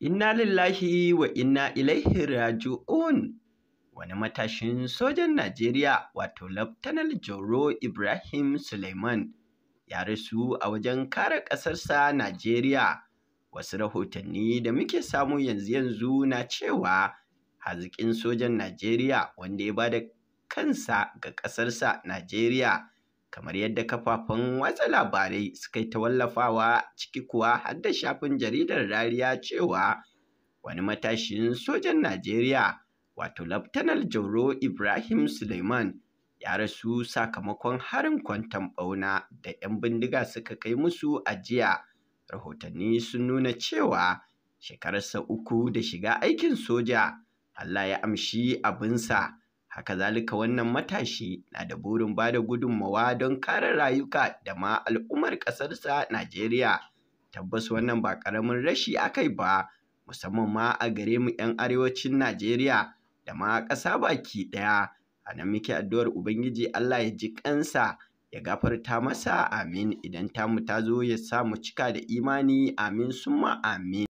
Inna lillahi wa inna ilaihi raji'un. Wani matashin sojan Najeriya wato Laftanar Jauro Ibrahim Suleiman ya rasu a wajen kare ƙasarsa Najeriya. Wasu rahotanni da muke samu yanzu-yanzu na cewa haziƙin sojan Najeriya wanda ya ba da kansa ga ƙasarsa Najeriya kamar yadda kafafen watsa labarai suka yi ta wallafawa ciki kuwa har da shafin jaridar rariya cewa wani matashin sojan Najeriya wato Laftanar Jauro Ibrahim Suleiman ya rasu sakamakon harin kwantan ɓauna da 'yan bindiga suka kai musu a jiya. Rahotanni sun nuna cewa shekararsa uku da shiga aikin soja Allah ya amshi abinsa haka zalika wannan matashi na da burin ba da gudunmawa don kare rayuka da ma al'ummar ƙasarsa najeriya tabbas wannan ba ƙaramin rashi yi ba musamman ma a gare mu 'yan arewacin najeriya da ma ƙasa baki ɗaya a nan muke addu'ar ubangiji allah ya ji ƙansa ya gafarta masa amin idan tamu ta zo ya sa mu cika da imani amin summa amin